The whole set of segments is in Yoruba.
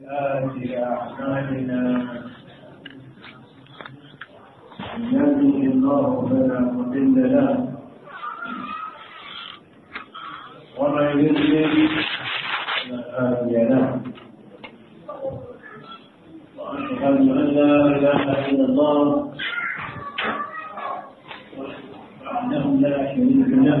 سيئات أعمالنا من الله فلا مضل له ومن يضلل فلا هادي له وأشهد أن لا إله إلا الله وحده لا شريك له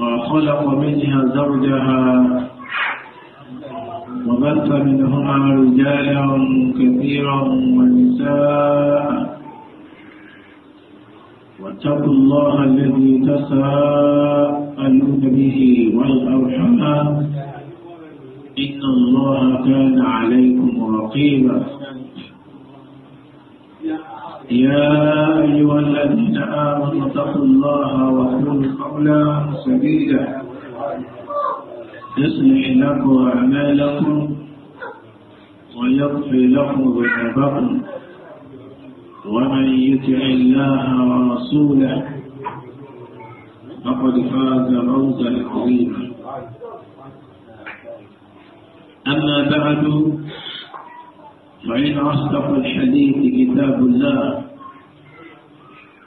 وخلق منها زوجها وبث منهما رجالا كثيرا ونساء واتقوا الله الذي تساءلون به والارحام إن الله كان عليكم رقيبا يا أيها الذين آمنوا اتقوا الله وقولوا ربنا سبيلا يصلح لكم أعمالكم ويغفر لكم ذنوبكم ومن يطع الله ورسوله فقد فاز فوزا عظيما أما بعد فإن أصدق الحديث كتاب الله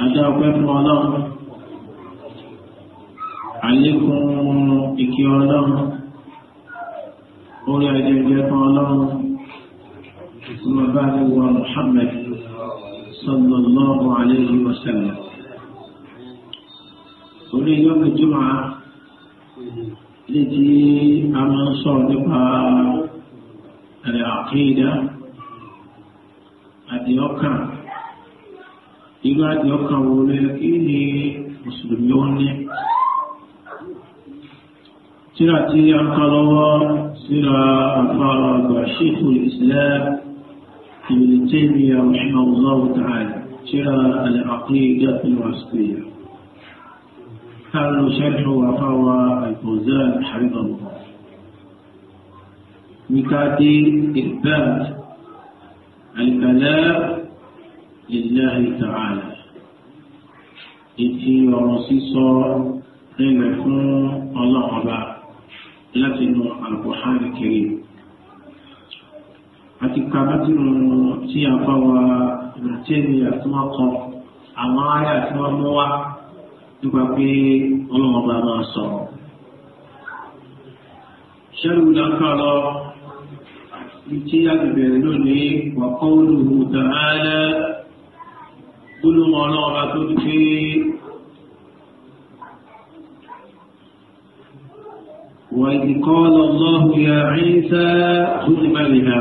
àdá ọpẹ́ fún ọlọ́run àlékún ìkí ọlọ́run orí ajẹjẹ fún ọlọ́run ìsinmi bá ní wa Muhammad sallallahu alayhi wa sallam orí yọmi jùmọ̀ létí a máa ń sọ̀rọ̀ nípa àlẹ́ àkídà àdìọ́kàn. irú àti ọkàn wo ló yẹ kí ni mùsùlùmí ó ní. tíra tí a ń ká lọ́wọ́ síra àfàrà àgbà ṣèkù ìsìlẹ̀ ìbìlì tẹ́lẹ̀ àwọn ìmọ̀ ọ̀lọ́wọ́ tààlà tíra al-Aqeedah al-Wasitiyya. قالوا شرح وفوى الفوزان حفظه الله مكاتي إثبات الكلام lillahi ta'ala ìtì ọ̀rọ̀ sísọ nílẹ̀ fún ọlọ́run ọba láti nu Al-Qur'an Karim àti kàbátìrù tí a bá wa ìrìnàjẹ́ni àti wọn kọ àwọn ará tí wọ́n mú wá nípa pé ọlọ́run ọba máa sọ̀rọ̀ ṣẹ́rù lọ́kàn lọ ìtì àgbègbè lónìí wà qawluhu ta'ala gbólóhùn ọlọ́ọ̀ba tó ti pé وإذ قال الله يا عيسى خذ بالها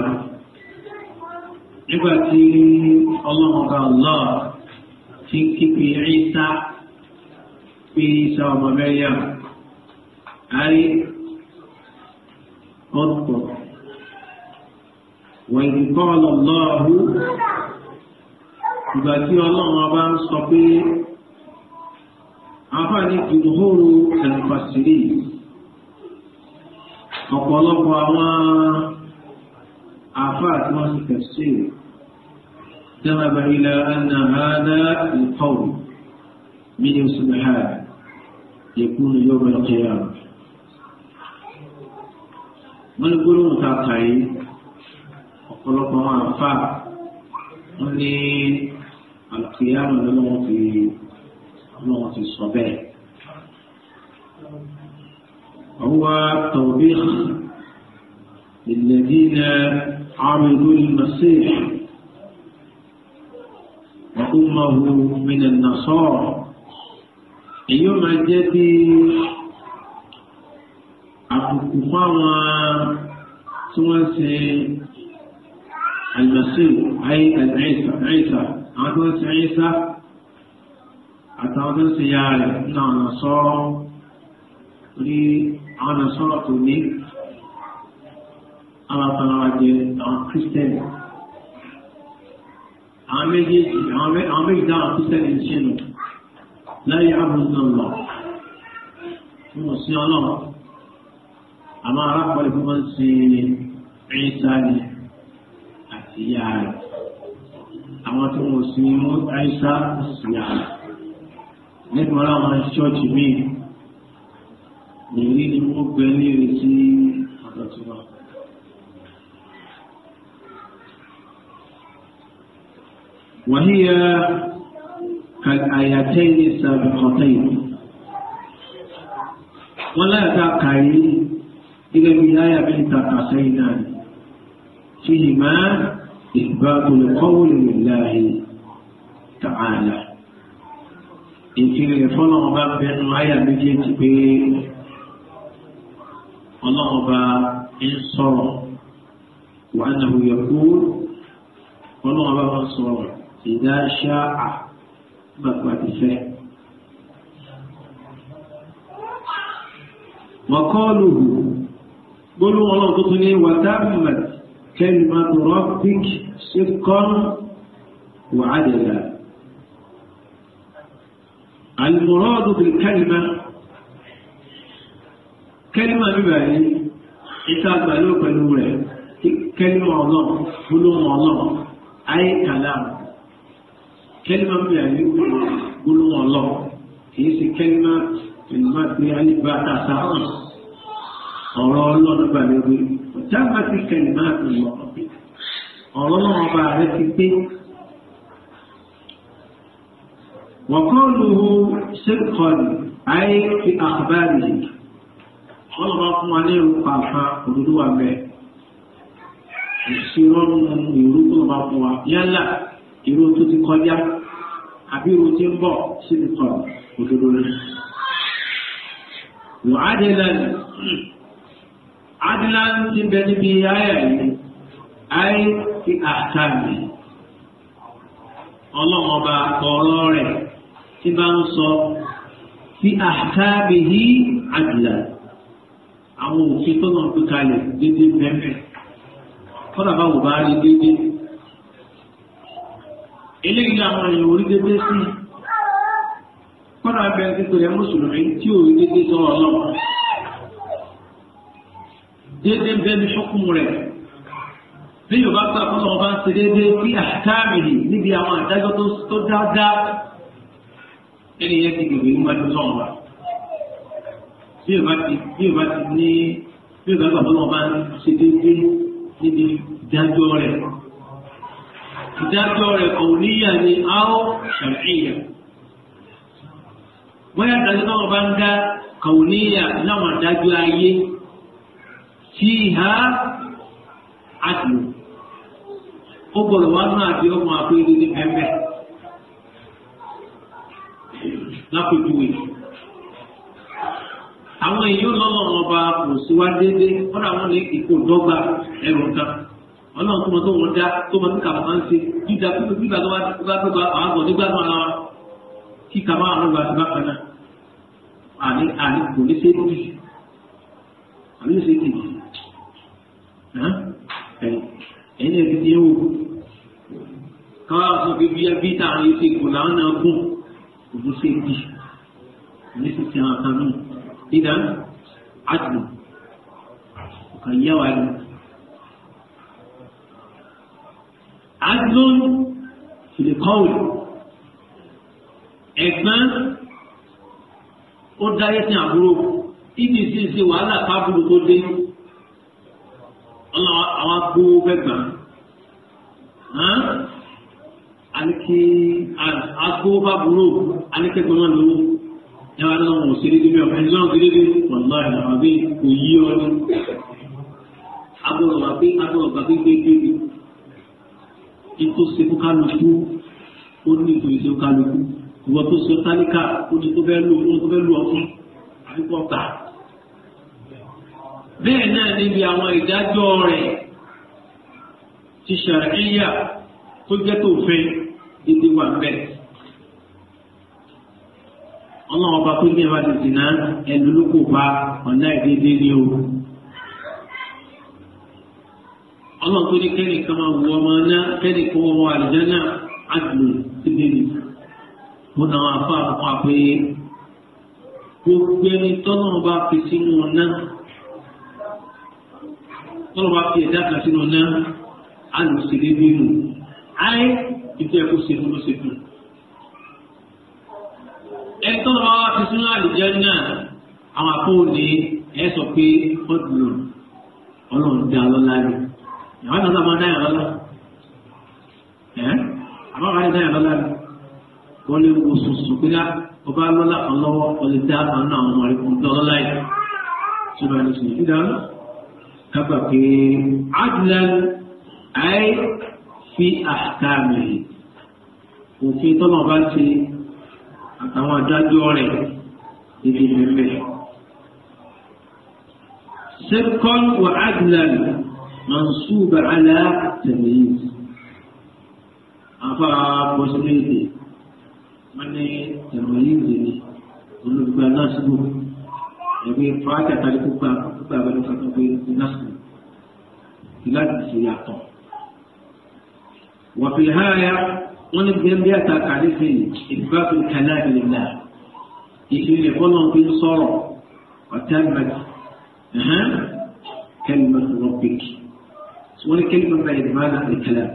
nígbà tí ọlọ́mọba Allah ti kíkì Ìsá pé Ìsá ọmọ Maryam ayé ọ̀pọ̀ وإذ قال الله ìgbà tí ọlọ́run ọba ń sọ pé àǹfààní ìdúhóró ẹ̀fàṣìrì ọ̀pọ̀lọpọ̀ àwọn àfáà tí wọ́n ti tẹ̀sí ذهب إلى أن هذا القول من سبحانه يكون يوم القيامة wọ́n gbóló ń ta kàyé ọ̀pọ̀lọpọ̀ àwọn àfáà wọ́n ní. القيام لمرة لمرة الصباح هو توبيخ للذين عبدوا المسيح وأمه من النصارى أيما جدي أبو ثم المسيح أي العيسى عيسى àwọn tó ń sin ayéṣá àtàwọn tó ń sin ya rẹ̀ nínú àwọn sọ́rọ́ torí àwọn náà sọ́rọ́ tó ní àwọn àtàwọn àjẹ àwọn kírísítẹ́nì àwọn méjèèjì àwọn méjì dáhùn kírísítẹ́nì ń ṣe nù lọ fún òsín ọlọ́run àmọ́ arákùnrin fún wọn ń sin ẹ̀yìn sáré àti ìyá àwọn tí wọ́n sì mú àìsà síyà nínú àwọn ṣọ́ọ̀ṣì míì nìyí ni wọ́n gbé ní ìrètí ọ̀dọ̀ tí wọ́n. وهي كالآيتين السابقتين ولا تقعي إلى الولاية بالتقاسين فيهما إثبات القول لله تعالى ìkiri fọlọ́wọ́ bá bẹnu àyà méjèèjì pé ọlọ́wọ́ bá ń sọ̀rọ̀ wà nàbó yẹ̀kú ọlọ́wọ́ bá wọn sọ̀rọ̀ ìdá ṣáà bàbá ti fẹ́. wọ́n kọ́ lòlù gbólóhùn ọlọ́run tuntun ní wàtáàmù kẹ́lìmọ́tò rọ́bíkì. صدقا وعدلا المراد بالكلمة كلمة ببالي حساب مالوك النورة كلمة الله فلوم الله أي كلام كلمة ببالي قلوم الله هي كلمة المادة يعني بعد سعر أولا الله نبالي تمت الكلمات الله ọ̀rọ̀ náà ọba rẹ̀ ti pé. وقوله صدقا أي في أخباره wọ́n bá fún wa ní ìlú pàápàá òdodo wa bẹ́ẹ̀ ìṣirò nínú ìlú tó bá fún wa yálà ìlú tó ti kọjá àbí ìlú tí ń bọ̀ sí ti òdodo rẹ̀. wọ́n adìlẹ̀ adìlẹ̀ ti bẹ níbi ayẹyẹ yìí àì ti àtàmì ọlọ́run ọba ọ̀rọ̀ rẹ̀ tí bá ń sọ fi àtàmì yìí àdìlà àwọn òfin tó náà gbé kalẹ̀ dédé mẹ́mẹ́ kọ́dà báwo bá rí dédé eléyìí làwọn èèyàn orí dédé sí kọ́dà bẹ́ẹ̀ ti mùsùlùmí tí ò dédé sọ ọlọ́run dédé bẹ́ẹ̀ ni ṣọ́kùn rẹ̀ bí yorùbá sá fún ọba ń ṣe déédéé sí àṣìkáàmìlì níbi àwọn àdájọ́ tó dáadáa ẹni yẹn ti gbèrè ń wájú sọ̀rọ̀ wa bí yorùbá ti bí yorùbá ti ní bí yorùbá sá fún ọba ń ṣe déédéé níbi ìdájọ́ rẹ̀ ìdájọ́ rẹ̀ kò níyà ni áó ṣàfihàn bóyá ìdájọ́ náà bá ń dá kàwùníyà láwọn àdájọ́ ayé tí ha àdùn ó gbọ́dọ̀ wá náà àti ọmọ àpéjọ ní pẹ́pẹ́ lápèjúwe. àwọn èèyàn lọ́nà ọba kò síwá déédéé wọ́n àwọn ní ìkó dọ́gba ẹ̀rù kan wọ́n náà túmọ̀ tó wọ́n dá tó wọ́n kíkà máa ń ṣe dídá kúkú nígbà tó bá tó bá àwọn àgbọ̀ nígbà náà lọ́wọ́ kíkà máa ń lọ́gbà tó bá kan náà àní àní kò ní ṣe é dì àní ṣe é dì ẹ̀yìn ẹ̀yìn ẹ̀yìn ẹ̀yìn káwá fún bí bí ẹbí táwọn yìí ti kù láwọn náà gùn òbí ṣe bì ní sì ti hàn kan náà dídá àdùn ọkàn yẹ wà ní. àdùn ìlè kọ́wé ẹ̀gbọ́n ó dáyé sí àbúrò ibi sì ṣe wàhálà kábùrù tó dé ọlọ́wọ́ àwọn agbóhó fẹ́ gbà àníkí agbóhóbá burú àníkí gbọmọ lówó ẹwà náà wọn ò ṣe déédéé mẹ́wàá ẹni náà ṣe déédéé wàlúwà ìlànà bí kò yí ọ ní. agbọ̀rọ̀ wà pé agbọ̀rọ̀ gbà pé gbégbé ni ètò ìṣèkú kálukú ó ní ètò ìṣèkú kálukú ìwọ tó ṣe tálíkà ó ní tó fẹ́ lò ó tó fẹ́ lò ọ̀fun àbíkọ́ gbà. bẹ́ẹ̀ náà níbi àwọn ìdájọ́ rẹ̀ ti ṣàríyà tó jẹ́ tó fẹ́ títí wà bẹ́ẹ̀. ọlọ́run ọba tó ní ẹ̀rọ ti sìnà ẹ̀dúlùkù pa ọ̀nà ìdíje ni o. ọlọ́run tó ní kẹ́rì kan máa wù ọmọ náà kẹ́rì kan wọ àlùjáná àdùnnú títí ni. mo náà wà fún àkókò àpé gbogbo ẹni tọ́nà ọba fi sínú ọ̀nà tọ́nà ọba fi ẹ̀dá kan sínú ọ̀nà àlùsílẹ̀ bínú. ayé títí ẹkú sínú ló ṣe dùn. ẹ tán ọ ti sínú àlùjẹ náà àwọn àpòwò ní ẹ sọ pé ọdún Ọlọ́run dá lọlá rẹ ìyàwó náà sábà dá yàrá lọ ẹ àbáwá yẹn dá yàrá lọ wọn lè wo sùsù pé ká ọba lọlá kan lọ́wọ́ ọlẹ dá àánú àwọn ọmọ rẹ kò dá lọlá yìí tí wọn ti sìn ìdá lọ pé adìlẹ ayé fi àkàmì yìí òfin tọ́nà bá ṣe àtàwọn adájọ́ rẹ̀ ibi mẹ́mẹ́. sẹ́kọ́n wà ádìlán mansuba ala tẹ̀lẹ́yìn afa bọ́sílẹ̀dì wọ́n ní tẹ̀lẹ́yìn dìní olùgbà náà síbò ẹ̀bí fàákà tàbí púpà púpà abẹ́rẹ́ fàákà pé náà síbò láti ṣe yàtọ̀. wọ́n fi wọ́n ní gbé bí àtà kàdífì ìgbàgbé kàláàbì náà ìṣẹ̀lẹ̀ kọ́nà fi ń sọ̀rọ̀ ọ̀tá ìgbàgbé kẹlìmọ̀ rọ̀bìkì wọ́n ní kẹlìmọ̀ bá ìdìbò àná ìkẹlẹ̀.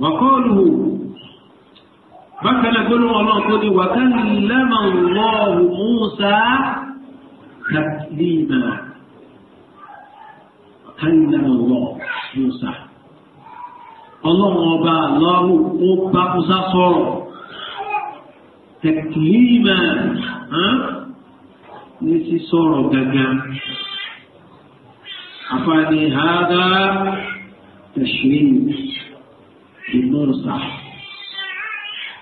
wàkọ́ọ̀lù bákan náà gbóló wọn náà tó ní wàkàlì lẹ́mọ̀ lọ́ọ̀hù Mùsá kàdìmà wàkàlì lẹ́mọ̀ lọ́ọ̀hù Mùsá. ọlọ́run ọba lọ́rùn ó bá kúsá sọ̀rọ̀ tẹ̀kìlímà ní sísọ̀rọ̀ gàgà àfààní hàdá tẹ̀sírìn ìmọ̀ọ́sà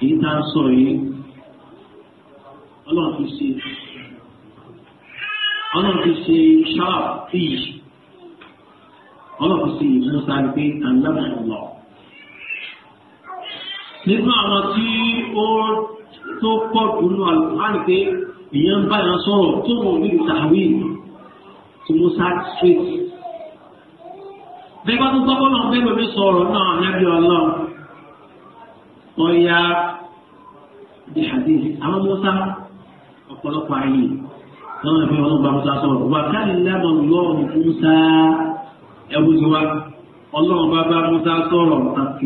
èyí tá a sọ yìí ọlọ́run fi ṣe ọlọ́run fi ṣe ṣáà fíì ọlọ́run fi ṣe ìmọ̀ọ́sà pé aláàbò lọ. nínú àwọn tí ó tó pọ̀ jù nínú àlùfáàní pé èèyàn bá yàn sọ̀rọ̀ tó wọn níbi tàwí tí mo sá bẹ́ẹ̀ bá tó gbọ́kọ́ náà bẹ́ẹ̀ lómi sọ̀rọ̀ náà lábẹ́ ọlọ́run ọ̀ya ìhàdí àwọn mọ́sá ọ̀pọ̀lọpọ̀ ayé náà ẹ̀fẹ́ ọlọ́gbà mọ́sá sọ̀rọ̀ wà káàdì lẹ́mọ̀ lọ́ọ̀rùn fún sá ẹ̀wùjọ wa ọlọ́run bá bá mọ́sá sọ̀rọ̀ àti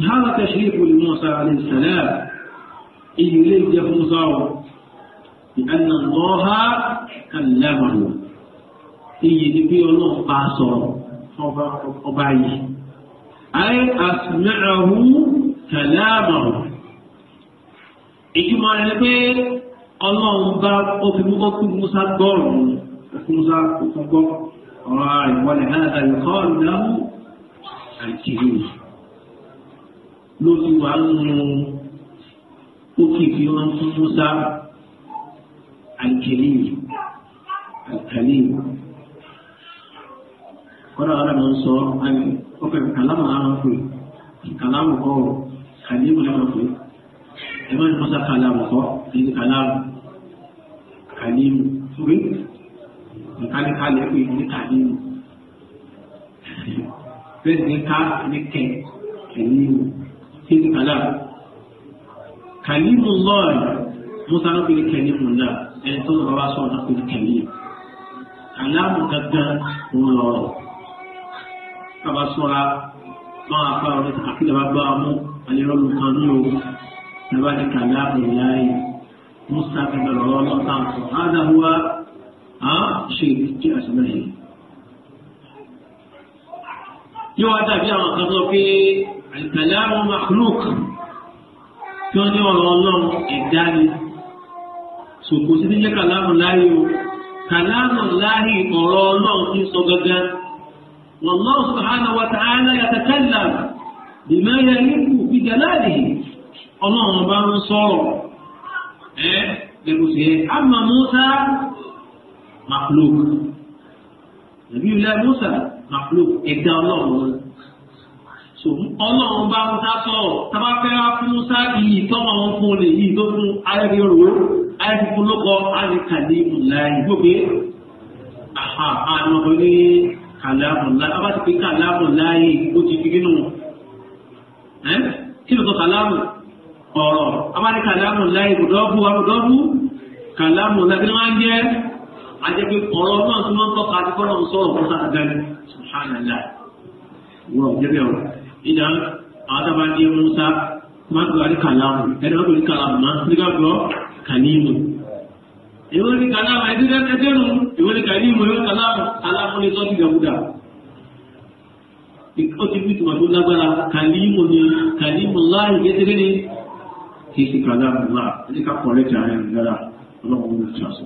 هذا تشريف لموسى عليه السلام إن ليس موسى لأن الله كلمه إيه نبي الله قاصر أبعي أي أسمعه كلامه ìtumọ̀ rẹ̀ pé ọlọ́run bá obìnrin kí musa gbọ́rọ̀ kí musa gbọ́ ọ̀rọ̀ rẹ̀ wọlé náà tàbí kọ́ ọ̀nà àìsíríyìn lórí wa nínú òkè tí wọ́n fún Musa alkalim alkalim kọ́dà wàrà máa ń sọ ọkọ̀ kàlámù àwọn fún kàlámù kọ́ kàlímù lẹ́nu fún ẹ máa ń Musa kàlámù kọ́ ẹni kàlámù kàlímù fún nǹkan kálẹ̀ pé ní kàlímù bẹ́ẹ̀ ni ká ní kẹ̀ kẹ̀límù sin salam kàlímù lọ́ọ̀rì musa ló pèrè kàlímù náà ẹni tó lọ́wọ́ sọ ọ́ pèrè kàlímù aláàmù gangan ń lọ́rọ̀ bàbá sọ́ra máa apá ọ̀rẹ́ àkílẹ̀ bá gbá ọmú alẹ́rọ́lù kan ní o bàbá ní kàlámù láàyè musa ti bẹ̀rẹ̀ ọ̀rọ̀ lọ́ta ń sọ ádàbúwa á ṣe ìdíje àṣìlẹ̀ yìí. yóò wá dàbí àwọn kan sọ pé àlùkàlámù makluk tí wọ́n ní ọ̀rọ̀ ọlọ́run ẹ̀dá ni ṣòkò sí nílé kàlámù láàyè o kàlámù láàyè ọ̀rọ̀ ọlọ́run ti sọ gángan wallahu subhanahu wa ta'ala yatakallam bima yaliqu bi jalalihi ọlọ́run bá ń sọ̀rọ̀ ẹ́ pẹ̀lú sí ẹ́ àmà Musa makluk nàbí ilẹ̀ Musa makluk ẹ̀dá ọlọ́run ọlọ́run bá musa sọ̀rọ̀ tábà fẹ́ wá fún musa iyì tọ́mọ wọn fún olè yìí tó fún ayẹyẹ rò ó ayẹyẹ fún lóko alikali mùláyì gbògbé àmọ́ ní kàlámùláyì abá ti pé kàlámùláyì ó ti fi nínú kí ló sọ kàlámù ọ̀rọ̀ abá ní kàlámùláyì kùdọ́bù àkùdọ́bù kàlámùláyì kí ló máa ń jẹ́ ajẹ́pé ọ̀rọ̀ náà tó máa ń tọ́ka àti kọ́nà sọ̀rọ̀ idan àwọn tó bá dé musa má gbọ́ àrí kàlámù ẹni wọ́n kò ní kàlámù má nígbà gbọ́ kàníìmù. ìwé ní kàlámù ẹni tó dẹ́ dẹ́nu ìwé ní kàníìmù ìwé kàlámù kàlámù ní sọ́ọ̀tì gàmúdà. ó ti fi tùmọ̀ tó lágbára kàníìmù ni kàníìmù láì gẹ́gẹ́ ní kí sí kàlámù náà ẹni ká kọ̀ lẹ́tà ẹ̀ rárá ọlọ́run ló ti àṣọ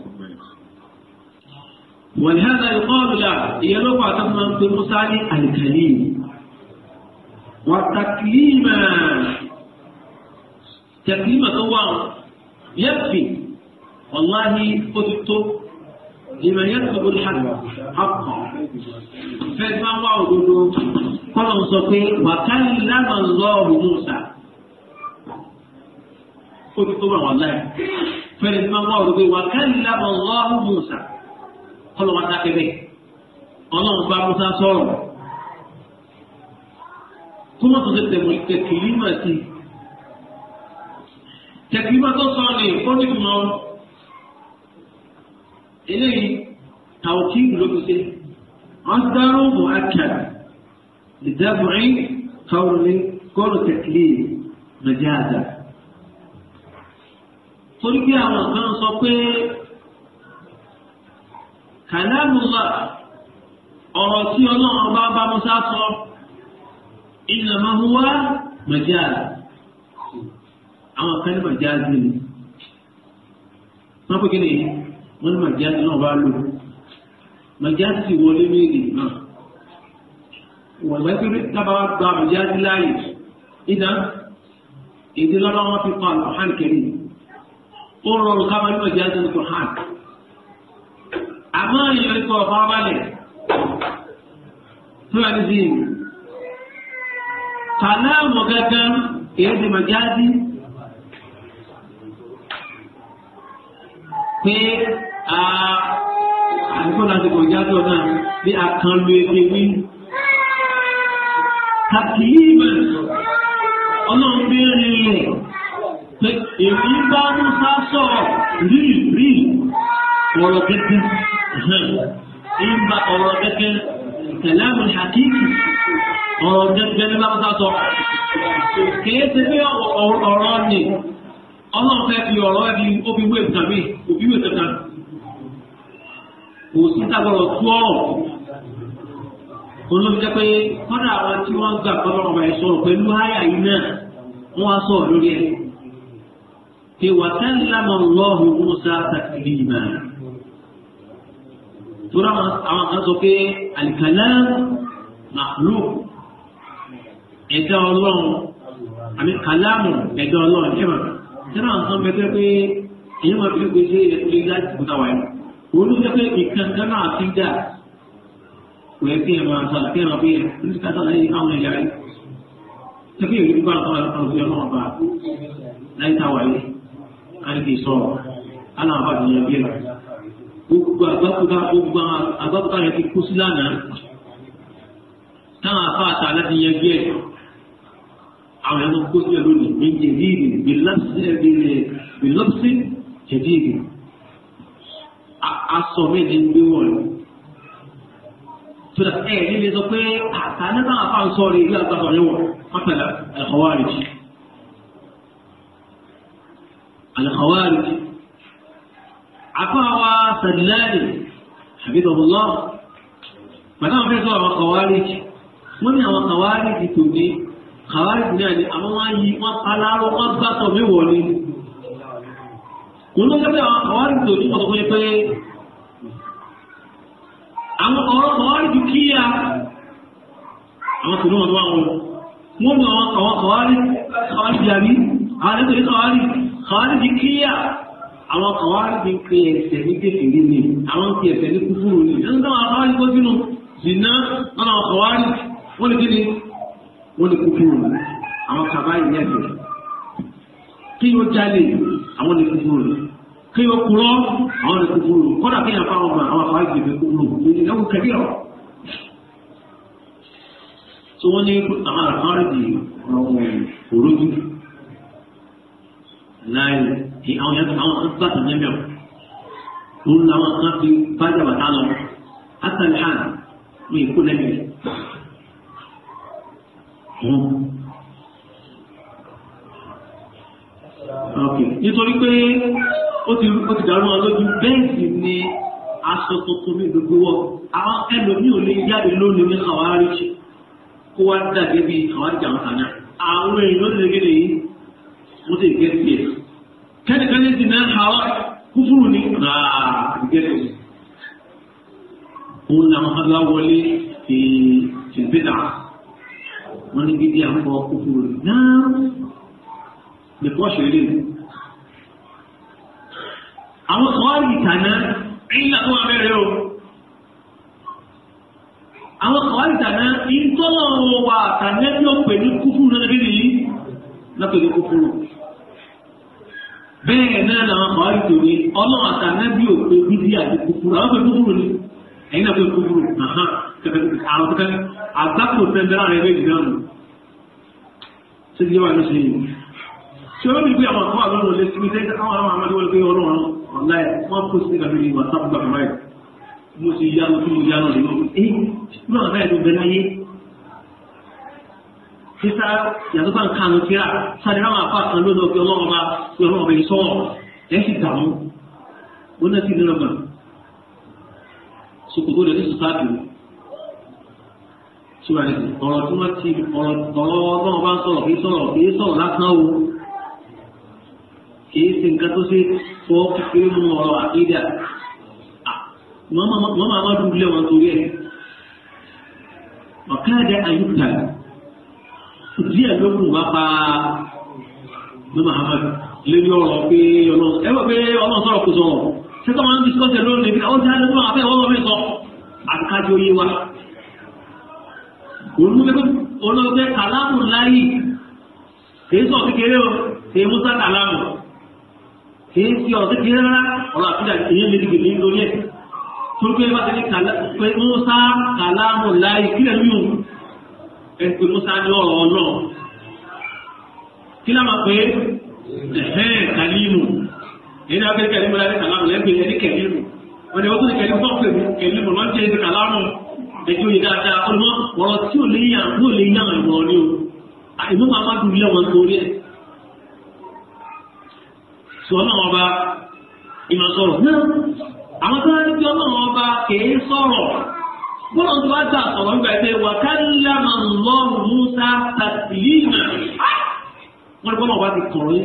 ولهذا يقال له يلوك عتقنا في المصالح الكريم وتكليما تكليما هو يكفي والله قلت لمن يطلب الحق حقا فما هو وجوده قال صفي وكلم الله موسى قلت والله فما الله قلت وكلم الله موسى قال وانا موسى صلى الله عليه وسلم kuma tó tètè mú tẹkìlímà sí tẹkìlímà tó sọ ni fọ́nìmọ̀ eléyìí tàwọ̀kì ló fi ṣe ọ̀dọ́rùn mọ̀ akẹ́rù ìdábùrín kọ́ọ̀rùn kọ́ọ̀rù tẹkìlímà nàìjíríà torí pé àwọn kan sọ pé kàlámùlá ọ̀rọ̀ tí ọlọ́run bá bá musa sọ ìlànà wá majaz, àwọn kan majaz màjáàlì ni wọ́n pè kíni wọ́n ní màjáàlì náà bá lò màjáàlì wọlé méjì náà wọ́n gbà pé tábà wá gba màjáàlì láàyè ìdá èdè lọ́wọ́ wọn fi kọ́ àlùhàn kẹrin ó rọrùn ká máa ní màjáàlì ní kò hàn àmọ́ ìyẹn sàlámù gángan èyí ti màjáde pé a àdúgbò láti kò jáde ọ̀nà bí a kan lu ebe wí. Kàkìlíìmù ọlọ́run fi ń rinlẹ̀ pé èmi bá Musa sọ̀rọ̀ rírì rírì ọ̀rọ̀ gẹ́gẹ́ ń bá ọ̀rọ̀ gẹ́gẹ́ sàlámù hakiki ọ̀rọ̀ gẹ́gẹ́ ní lábúta sọ kìí ti fi ọ̀rọ̀ ni ọlọ́run fẹ́ fi ọ̀rọ̀ ẹbí obì wé tàbí òbí wé tàbí kò sí dágbọ́rọ̀ tú ọ̀rọ̀ olóbi jẹ́ pé kọ́dà àwọn tí wọ́n gbà pẹ́lú ọ̀rọ̀ ẹ̀ sọ̀rọ̀ pẹ̀lú háyà yìí náà wọ́n á sọ̀rọ̀ lórí ẹ̀ kí wà tẹ́lámọ̀ lọ́hùn Musa taklima tó dáwọn àwọn kan sọ pé àlìkàlá màlúù ẹ̀dá ọlọ́run àmì kàlámù ẹ̀dá ọlọ́run ẹ̀mà sẹ́nà nǹkan bẹ́tẹ́ pé èyí máa fi gbèsè ẹ̀kúlé láti gbọ́dọ̀ wáyé wọ́n ló jẹ́ pé ìkan kánà àti dà kò yẹ kí ẹ máa sọ àti ẹ̀rọ bí ẹ ní ká sọ lẹ́yìn káwọn ẹ̀yà rẹ̀ ṣé kí èyí bá àwọn ọ̀sán ọ̀sán ọ̀sán ọ̀bà láì tá wáyé káyọ̀kì sọ̀rọ̀ aláwọ̀ bá ti yẹ bí ẹ̀ gbogbo àgbàkúta gbogbo àgbàkúta rẹ̀ ti kú sí lánàá táwọn afáàtà láti yẹ bí ẹ̀ àwọn ẹ̀rọ kó sílẹ̀ lónìí ní jẹ̀díìdì bìlọ́psì jẹ̀díìdì aṣọ méje ń gbé wọ̀nyí. sọdọ̀ ẹ̀ nílé sọ pé àtàlẹ́ náà fà ń sọ rí ilé àgbàdo yẹn wọ̀ mọ́tàlá al-Khawarij. al-Khawarij. àfọwọ́ pẹ̀lú àwọn fẹ́ẹ́ sọ àwọn Khawarij wọ́n ní àwọn Khawarij tòní kàwárí náà ni àwọn wá yí wọ́n paláró wọ́n bá tọ̀ mí wọ̀ ni. Wọ́n ló gbé àwọn kàwárí tó ní ọ̀sán pé àwọn ọ̀rọ̀ kàwárí ju kíyà àwọn tó ní wọn wá wọn. Wọ́n mú àwọn àwọn kàwárí kàwárí jàbí àwọn ẹgbẹ́ ní kàwárí kàwárí ju kíyà àwọn kàwárí ju pé ẹsẹ̀ ní kékeré ni àwọn ti ẹsẹ̀ ní kúkúrú ni. Ẹni tó àwọn kàwárí kó sínú jìnnà wọn àwọn kàwárí wọ́n lè kí ni wọ́n ní kúkúrú àwọn kaba yìí yẹn fẹ́ kí yóò jalè àwọn ní kúkúrú kí yóò kúrọ́ àwọn ní kúkúrú kọ́dà kí yàn fáwọn ma àwọn afáàjì fẹ́ kúkúrú èyí náà kẹ́bí ọ̀ tí wọ́n ní àwọn àfáàjì ọ̀rọ̀ òrojú láì kí àwọn yàtọ̀ àwọn àgbà tó yẹ mẹ́wọ̀ òun làwọn kan fi bájà bàtà lọ àtàlẹ́ àná mi kú lẹ́yìn. Hm. nítorí pé ó ti dàrú wọn lójú bẹ́ẹ̀ sì ni aṣọ tuntun ní gbogbo wọn àwọn ẹlòmíì ò lè jáde lónìí ní àwárí ṣe kó wá dàgé bí àwárí jà ń tàná àwọn èèyàn ló lè gé lè yí wọ́n ti gé tiẹ̀ kẹ́nikẹ́ni ti náà àwárí kúfúrú ní ràá gé tó òun làwọn aláwọlé ti ti bẹ́ẹ̀ náà wọ́n ní bíbí àkọ kúkúrú náà nìkọ́ ṣẹlẹ̀. àwọn kọ́ọ̀rì ìtànà ìlà tó wà bẹ̀rẹ̀ o. àwọn kọ́ọ̀rì ìtànà ìtọ́lọ̀ wà àtàlẹ́ tí ó pè ní kúkúrú náà níbi yìí lọ́pẹ̀ ní kúkúrú. bẹ́ẹ̀ náà làwọn kọ́ọ̀rì tó ní ọlọ́run àtàlẹ́ bí ò pé bíbí àti kúkúrú àwọn pé kúkúrú ni ẹ̀yin náà pé kúkúrú àwọn àgbákò tẹ́lẹ̀ láàrin ẹgbẹ́ ìdáhùn ṣé ti yẹ wà ní ṣe yìí ṣé wọ́n bí pé àwọn àwọn àlọ́ lè fi ṣe àwọn àwọn àmàlẹ́ wọlé pé ọlọ́run ọ̀la ẹ̀ wọ́n kó sí ìgbàlódé ìwà sábà bàbá ẹ̀ mo sì yá lọ sí mo yá lọ lè lọ ẹ náà náà ló bẹ láyé sísá yàtọ̀ bá ń kanu kíra sáré náà máa fà kan lónìí ọ̀pẹ ọlọ́run bá pé ọlọ́run bẹ sọ ẹ sì dààmú ó náà sì nínú ọgbà sòkòtò rẹ̀ ní sòkòtò ṣùgbọ́n ọ̀rọ̀ tí wọ́n ti ọ̀rọ̀ náà bá ń sọ̀rọ̀ kì í sọ̀rọ̀ kì í sọ̀rọ̀ lásán o kì í ṣe nǹkan tó ṣe fọ́ kékeré mú ọ̀rọ̀ àkídà wọ́n máa má dùn lé wọn torí ẹ̀ ọ̀kadà àyùkà díẹ̀ ló kù bá pa ní Muhammad lórí ọ̀rọ̀ pé ọlọ́run ẹ wọ́n pé ọlọ́run sọ̀rọ̀ kò sọ̀rọ̀ ṣé káwọn ń bí sọ́ọ̀tẹ̀ lónìí bí ọ̀sẹ̀ àdéhùn àfẹ́ ọlọ́run mi sọ àkájọ yé wa olùgbé kàlámù láyì kìí sọ kékeré o kìí musa kàlámù kìí sí ọ̀sẹ̀ kékeré rárá ọ̀rọ̀ àfihàn èyí lè dìgbè ní lórí ẹ̀ turukẹ́ bá ti ní pé musa kàlámù láyì kílẹ̀ ní òun ẹ̀ pé musa ní ọ̀rọ̀ ọ̀nà kílẹ̀ máa pé ẹ̀hẹ́n kàlímù èyí náà pé kẹ̀límù láti kàlámù lẹ́gbẹ̀ẹ́ ẹni kẹ̀límù wọ́n wọ́n tún ní kẹ̀límù tó ń pè ètò ìdáadáa ọmọ ọ̀rọ̀ tí ò lè yàn tí lè yàn ìmọ̀ ni o àìmọ́ máa má dùn lẹ́wọ̀n torí ẹ̀. ọba ìmọ̀ sọ̀rọ̀ náà àwọn tó ọba kìí sọ̀rọ̀ bọ́lá tó bá sọ̀rọ̀ nígbà wà ká wọ́n ní bọ́lá ọba ti kọ̀rọ̀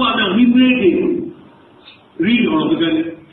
wà náà ní rí ìrọ̀rùn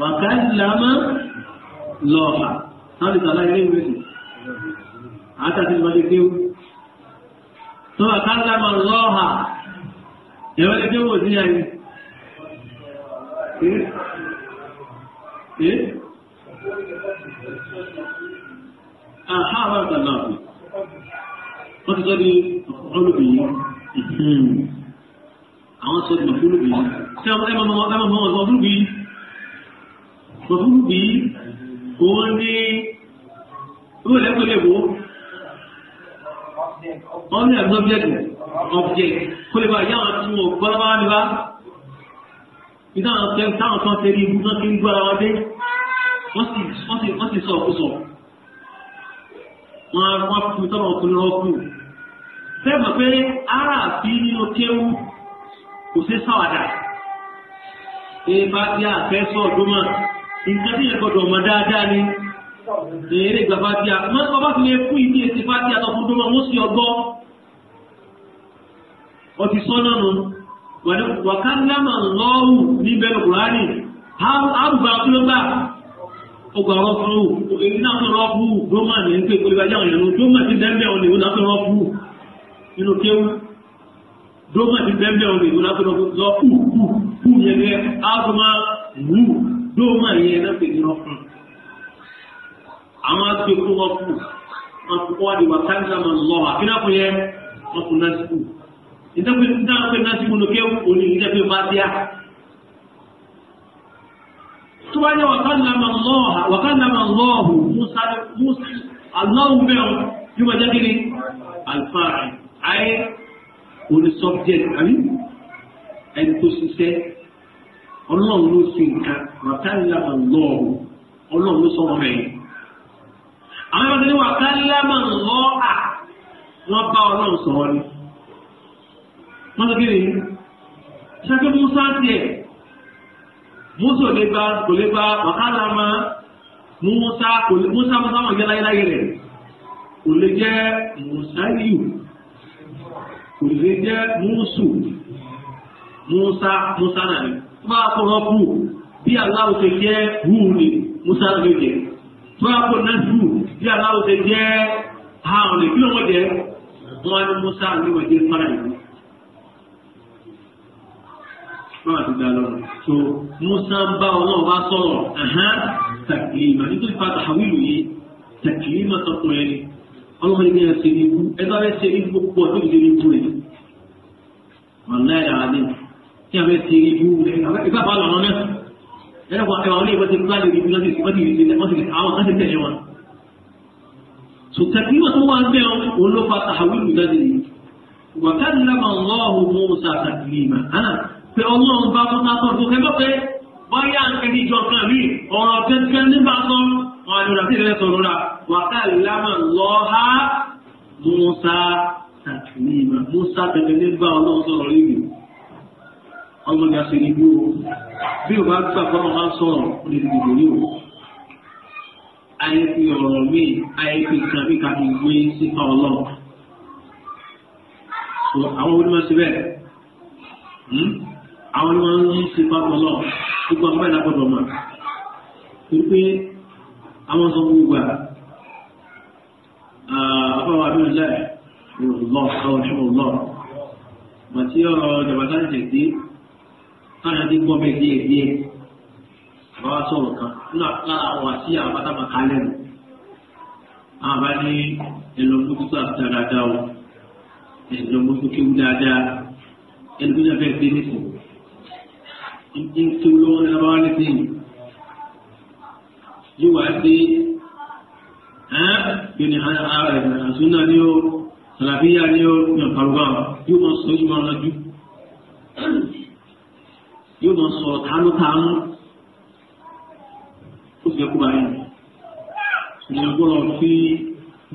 wàkàlámà lọ́ọ̀hà sáàbì sàlá ilé ìwé sí àtàtì ìmọ̀lẹ́ kéwù tó wàkàlámà lọ́ọ̀hà ìmọ̀lẹ́ kéwù sí ayé ee aha àwọn àtàlà wọ́n ti sọ di olùbìyí hmm. àwọn sọ di olùbìyí tí a mọ̀ ẹ́ mọ̀ ọ́ olùbìyí. Bọ̀bú bí òun ní owó lẹ́kọ̀ọ́ lè wò ó. Wọ́n ní àgbọ̀n bíẹ́tì ọ̀bjẹ̀ kó lè bá yá àwọn tí wọ́n gbọ́ bá ní wá. Nígbà wọn fẹ́ táwọn kan ṣe rí ibú náà ti ń gbọ́ ara wọn dé. Wọ́n sì sọ òkúsọ̀. Wọ́n á wá fún mi tọ́lọ̀ ọkùnrin ọkùnrin. Fẹ́ẹ̀mọ̀ pé aráàfin nínú kéwú kò sí sáwàdà. Ẹ bá bí àfẹ́ sọ̀ọ́dúnmọ̀. nǹkan tí yẹn gbọdọ̀ mọ̀ dáadáa ni eré ìgbà fàtíà mọ́tò bá ti lè kú ìdí èsì fàtíà tó fún tó mú sí ọgbọ́ ọtí sọ́nà nù wàkàndàmà lọ́rù níbẹ̀ lùkùránì àrùbá tó ló gbà ọgbà èyí náà tó ní ti dẹ́mbẹ̀ náà tó nínú kéwù dóòmà yẹn náà pè ní ọkùn àwọn agbèkú ọkùn wọn kọ́ wá di wà káńtà máa ń lọ àbínáfọ yẹn wọn kù náà síkù ìdáfẹ́ ìdáfẹ́ náà síkù lókè òní ìdáfẹ́ bá dé à. tó bá yẹ wà káńtà máa ń lọ wà káńtà máa ń lọ ọ̀hún musa musa aláwọ̀ bẹ́ẹ̀ yóò máa jẹ́ kí ni alfaari ayé oní sọ́bjẹ́tì àbí ẹni tó ṣiṣẹ́ ọlọ́run ló ṣe nǹkan wàtálà lọ́ọ̀rù ọlọ́run ló sọ̀rọ̀ rẹ̀. àwọn ọmọdé ní wàtálà máa ń lọ́ à wọ́n bá ọlọ́run sọ̀rọ̀ ni. wọ́n lọ kí ni ṣáké musa tiẹ̀ musa ò lè gba kò lè gba wàtálà máa musa kò lè musa musa wọn jẹ́ láyéláyé rẹ̀ kò lè Musa musaliu kò lè jẹ́ musu musa musa náà ni máa kó wọn kú bí aláwo ṣe jẹ́ húù ni musa ló jẹ máa kó nẹ́sù bí aláwo ṣe jẹ́ hàn ni kí ló wọ́n jẹ wọ́n ní musa ló wọ́n jẹ fara ìlú. máa ti gbà lọ so musa ń bá ọlọ́run bá sọ̀rọ̀ tàkìlìmà nítorí pàtàkì àwílù yìí tàkìlìmà tọkùnrin ni ọlọ́run ní ẹ̀sìn ibú ẹgbẹ́ ẹ̀sìn ibú pọ̀ tó ìdílé ibú rẹ̀ mọ̀ náírà ní tí a bẹ ti rí ibú rẹ ìgbà bá lọ́nà náà ẹ̀rọ wa ẹ̀wà olè ìwọ́n ti gbá lórí ibi lọ́sí ìwọ́n ti rí sílẹ̀ wọ́n ti rí àwọn kan ti tẹ̀lé wọn. sùtẹ̀kì wọn tó wá ń bẹ̀ wọn ló fa àwọn ìlú jáde yìí wà ká ní lábà ọlọ́hu mú sàtà kiri mà hánà pé ọlọ́run bá tó sátọ̀ tó kẹ́ lọ́pẹ́ báyà ẹni jọ kan rí ọ̀rọ̀ kẹ́kẹ́ nígbà tó wọn àdúrà sí sọ̀rọ̀ rà wà ká ní lábà ọlọ́ha mú sàtà kiri mà mú sàtà kiri mà ọmọ ní aṣọ ìbí o bí o bá gbà fọlọ́ máa sọ̀rọ̀ o lè dìbò ní o. ayé fi ọ̀rọ̀ mi ayé fi kan mi ká fi gbé sípa ọlọ́run. àwọn onímọ̀ síbẹ̀ hmm? àwọn onímọ̀ ń yí sípa ọlọ́run gbogbo àwọn ẹ̀dá gbọ́dọ̀ mọ̀ wípé àwọn sọ gbogbo à àfọwọ́ abẹ́rẹ́ lẹ́ẹ̀ lọ́ọ̀ káwọn ṣọ́ọ̀ lọ́ọ̀ màtí ọ̀rọ̀ jàbátá ń aládé gbọ́ bẹ́ẹ̀ díẹ̀ díẹ̀ àbá wa sọ̀rọ̀ kan nínú lára àwọn àti àwọn pátápá kalẹ̀ nù àwọn bá ní ẹlọ mójútó àti dáadáa o ẹlọ mójútó kéwú dáadáa ẹni tó yàgbẹ́ gbé nìkan ní kéwú lọ́wọ́ ní abáwá ní sẹ́yìn yóò wá dé yóò ara ẹ̀ àṣùnà ni ó sàlàfíà ni ó yàn kárùbá yóò máa sọ yóò máa rájú. ta ló ta mú ó sì yẹ kó báyìí ìyẹn gbọ́dọ̀ fi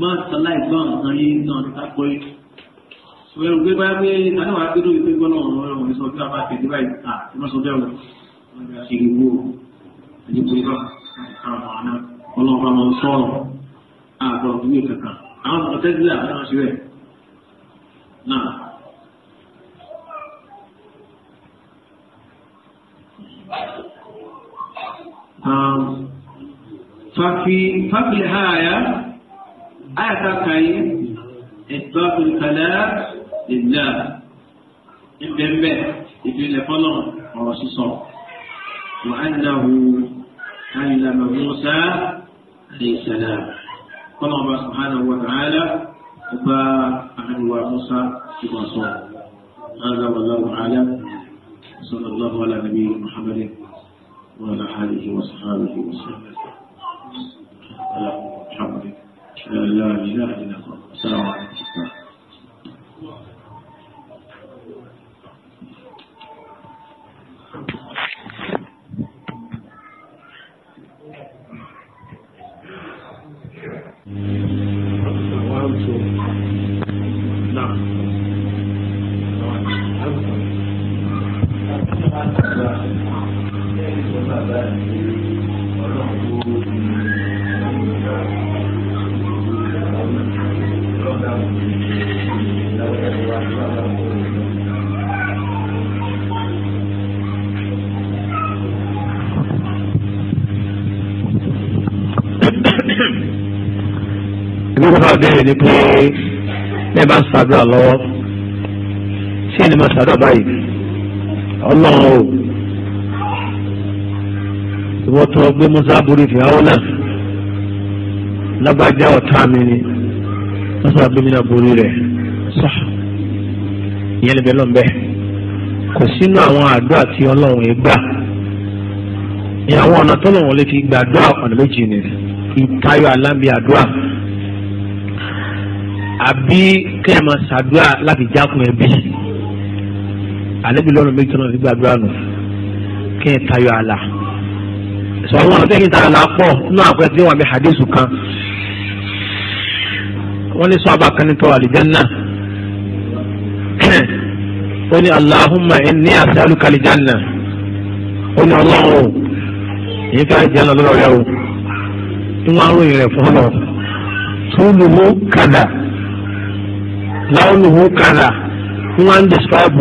máa ṣàlàyé gbọ́ nǹkan yìí náà nípa gbọ́ yìí ìwẹ̀rù gbé bá gbé àdáwà gbé lórí pé gbọ́dọ̀ ọ̀rọ̀ ọ̀rọ̀ ìsọ bí a bá tẹ̀lé báyìí ta ìmọ̀ sọ bẹ́ẹ̀ wò ṣe lè wo àdìgbò ìlọ àwọn àná ọlọ́ọ̀bá máa ń sọ̀rọ̀ àgbọ̀ ìwé kankan àwọn ọ̀tẹ́gbẹ́ àwọn ọ̀ṣẹ́ bẹ́ẹ̀ náà. ففي ففي الآية آية كاي إثبات الكلام لله إبنبه إبن لفلان ورسول وأنه كلم موسى عليه السلام قال الله سبحانه وتعالى وبا عن موسى في مصر هذا والله أعلم صلى الله على نبينا محمد وعلى آله وصحبه وسلم لا إله إلا الله السلام عليكم béèrè ni pé bẹ́ẹ̀ bá ń ṣàdúrà lọ́wọ́ ṣé ẹni máa ṣàdúrà báyìí ọlọ́run o ìwọ́n tó gbé musa borí fìyàwó náà lágbájá ọ̀tá mi ni wọ́n sọ abúlé náà borí rẹ̀ sọ ìyẹn lè bẹ́ẹ̀ lọ́n bẹ́ẹ̀ kò sínú àwọn àdúrà tí ọlọ́run ẹ̀ gbà ní àwọn ọ̀nà tọ́lọ́run lè fi gbàdúrà ọ̀nà méjì ni ìtayọ̀ alábì àdúrà àbí kéèyàn máa ṣàdúrà láti jákun ẹbí àlébi lọ́nà méjì náà fi gbàdúrà nù kéèyàn tayọ àlà sọ̀rọ̀ wọn fẹ́ẹ́ kí n tayọ àlà pọ̀ nínú àpẹẹrẹ tí wọ́n mi hadithu kan wọ́n ní sọ́ọ̀bà kan ní tọ́wọ́ àlìjánná ó ní aláhùnmá ẹni àṣàlùkà àlìjánná ó ní ọlọ́run o èyí fẹ́ àlìjánná lọ́rọ̀ rẹ o tí wọ́n á ròyìn rẹ̀ fún ọ tó lùmọ́ kàdà láwọn òhun kàrà fún wa ń describe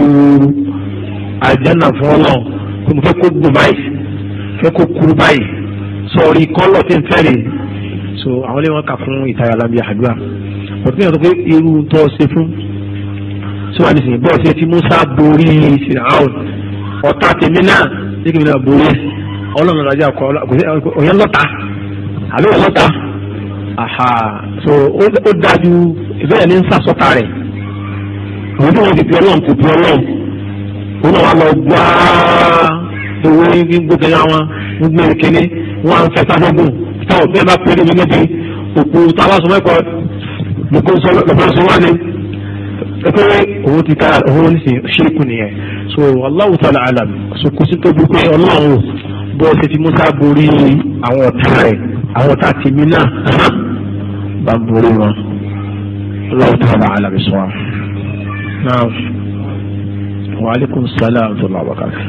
àjẹnà fún ọlọ́run kò mo fẹ́ kó gùn báyìí fẹ́ kó kúrú báyìí sọ̀rí kọ́lọ̀ tí ń fẹ́rẹ̀ so àwọn lè wọ́n kà fún ìtayà alábi àdúrà wọ́n ti yàn pé irú tó ṣe fún tí wọ́n ti sìn bọ́ọ̀ ṣe ti Musa borí Firaun ọ̀tá aha so ó dájú ìbéèrè ní òun tí wọ́n ti fi ọlọ́run ti fi ọlọ́run òun náà wà lọ gbáà owó gbígbó kẹyà wọn gbígbó ìkíní wọn à ń fẹ́ sáfẹ́gùn táwọn fẹ́ bá péré mi níbi òkú táwa sọ mẹ́kọ̀ọ́ lóko sọ lọ́pọ̀ sọ ti ta òun ní ṣírìkù nìyẹn so Allahu ta'ala alam so kò sí tó dúpẹ́ ọlọ́run bó ṣe ti Musa borí àwọn ọ̀tá rẹ̀ àwọn ọ̀tá tèmi náà bá borí wọn Allahu ta'ala alam sọ wa. نعم وعليكم السلام ورحمة الله وبركاته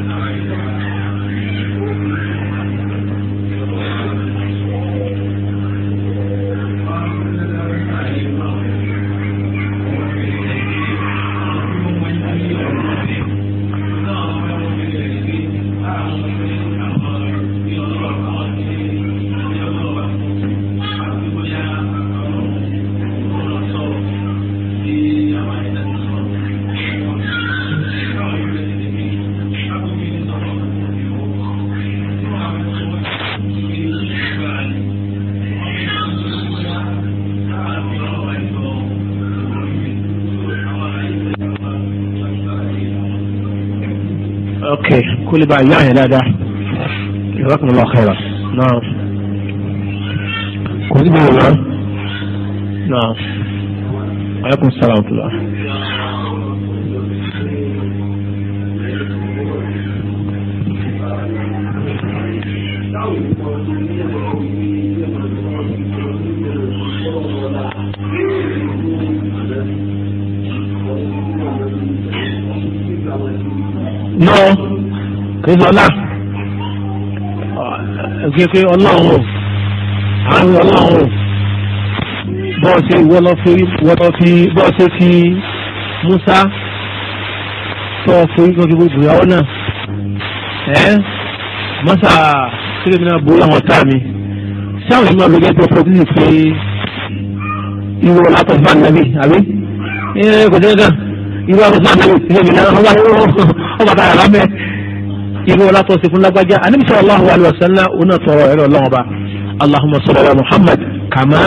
اوكي كل بعد يعني لا ده جزاكم الله خيرا نعم كل بعد نعم عليكم السلام ورحمه الله No. نعم. kí sọlá kí pé ọlọ́run àárín ọlọ́run bọ́ọ̀ ṣe ìwọ lọ fi wọ́tọ́ fi bọ́ọ̀ ṣe fi Musa tọ́ fún ikọ̀ kí gbogbo ìyàwó náà ẹ́ mọ́sà kílè mi náà bo àwọn ọ̀tá mi ṣé àwọn ìmọ̀ àgbẹ̀gẹ́ tó fọ́ kílè pé ìwọ látọ̀ fún ànábì àbí ẹ kò dé kan ìwọ àgbẹ̀gẹ́ tó fún ànábì kílè mi náà ọba tó ọba tó àrà mẹ́ẹ̀ irú ọlá tó ṣe fún lágbájá anabi sallallahu alayhi wa sallam ọ̀nà tọrọ ẹ̀rọ ọlọ́run ọba allahumma salli ala muhammad kama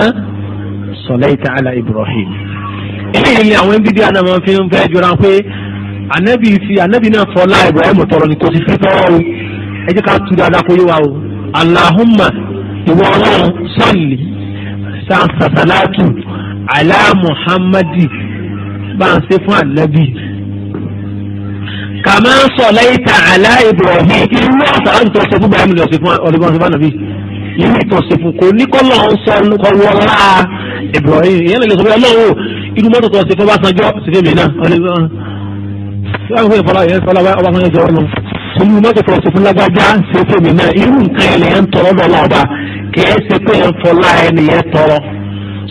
sallaita ala ibrahim. eléyìí ni àwọn bíbí àná máa fi ń fẹ́ jọra pé anabi fi anabi náà fọlá ibrahim tọrọ ni kò sì fi tọrọ o ẹ jẹ́ ká tu dáadáa kó yé wa o allahumma ìwọ ọlọ́run salli sàṣàṣàlátù ala muhammadi bá ń ṣe fún anabi kàmá sọ̀láìta àlá Ibrahim irú ọ̀sà láti tó ṣe fún bàámi lọ sí fún ọ̀dọ́gbọ́n sí fánàbí irú ìtàn ṣe fún kò ní kọ́lọ́ ń sọ kọ́lọ́ ńlá Ibrahim ìyẹn lè lè sọ fún ọlọ́wọ́ irú mọ́tò tó ṣe fún Ọbásanjọ́ sí fún mi náà ọ̀dọ́gbọ́n sí fún ìfọlá ìyẹn sọlá Ọbásanjọ́ jọ ọlọ́ irú mọ́tò tó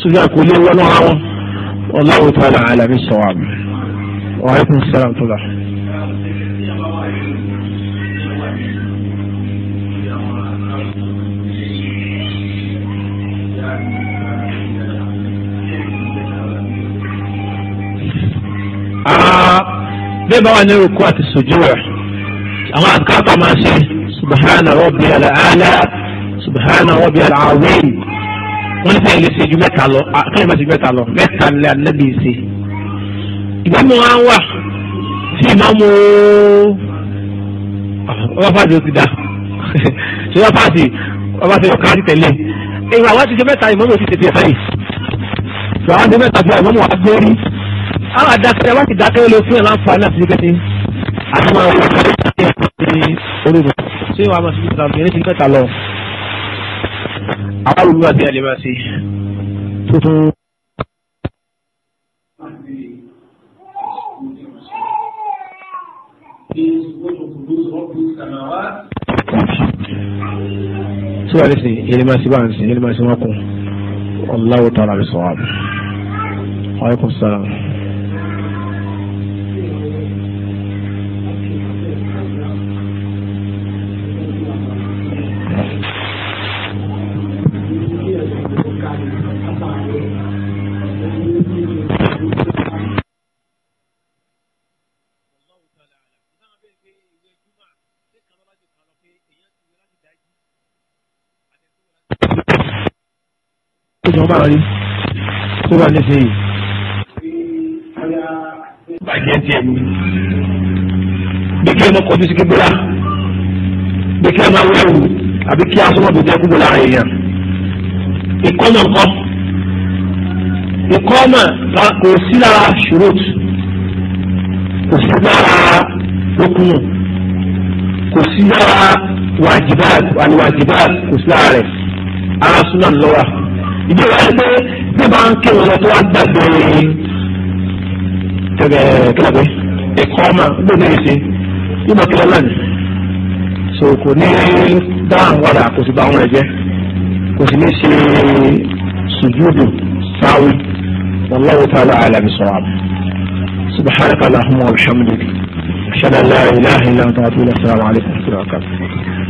fún lágbájá sí والله تعالى على بالصواب وعليكم السلام ورحمه الله bẹ́ẹ̀ bá wà ní rúkú àti sùjú rẹ̀ àwọn àkàtà máa ṣe subahana rọ́bì àlàálà subahana rọ́bì àlàáwìn wọ́n ní sẹ́yìn lè ṣe ju mẹ́ta lọ akẹ́yìn ah, bá ṣe ju mẹ́ta lọ mẹ́ta lẹ́ anábì ṣe. ìgbà mi wá wà tí ìmáàmù ọba fàdé ó ti dá ṣé wọ́n fàdé ọba fẹ́ ọ̀ká títẹ̀lé ìwà wá ti ṣe mẹ́ta ìmáàmù ó tètè fẹ́ yìí. ìwà wá ti mẹ́ta fún wá gbórí àwọn àdàkẹ́rẹ́ wá ti dákẹ́ ló fún ẹ̀ láǹfààní àti ìgbẹ́ni àti máa wọ orí mi ṣé wàá máa fi ìgbà tàbí ẹni tí mẹ́ta lọ. àwọn olùwà bí alẹ́ máa ṣe tuntun. tí wàá lè sè é lè máa ṣe bá ń sè é lè máa ṣe wọn kù. Allahu ta'ala bisawab. Wa alaikum salaam. ìjọba rí tó bá lè ṣe yìí. bàjẹ́ tiẹ̀ bí kí ẹ mọ kọjú sí kíkúrà bí kí ìkọ́nà nǹkan ìkọ́mà kò sí lára ṣùrùt kò sí lára okùnù kò sí lára wàjibáàt àlùwàjibáàt kò sí lára rẹ̀ ara súnà lọ́wọ́ ìjọba yẹn pé bí bá ń kéwọn lọ tó wá gbàgbé tẹ̀gẹ̀ kílàbẹ̀ ìkọ́mà gbọ́dọ̀ yìí ṣe yíma kílà lánìí so kò ní dáhùn wàdà kò sì bá wọn rẹ̀ kò sì ní ṣe sùjúdù sáwì. والله تعالى على بصواب سبحانك اللهم وبحمدك أشهد أن لا إله إلا أنت أتوب السلام عليكم ورحمة الله وبركاته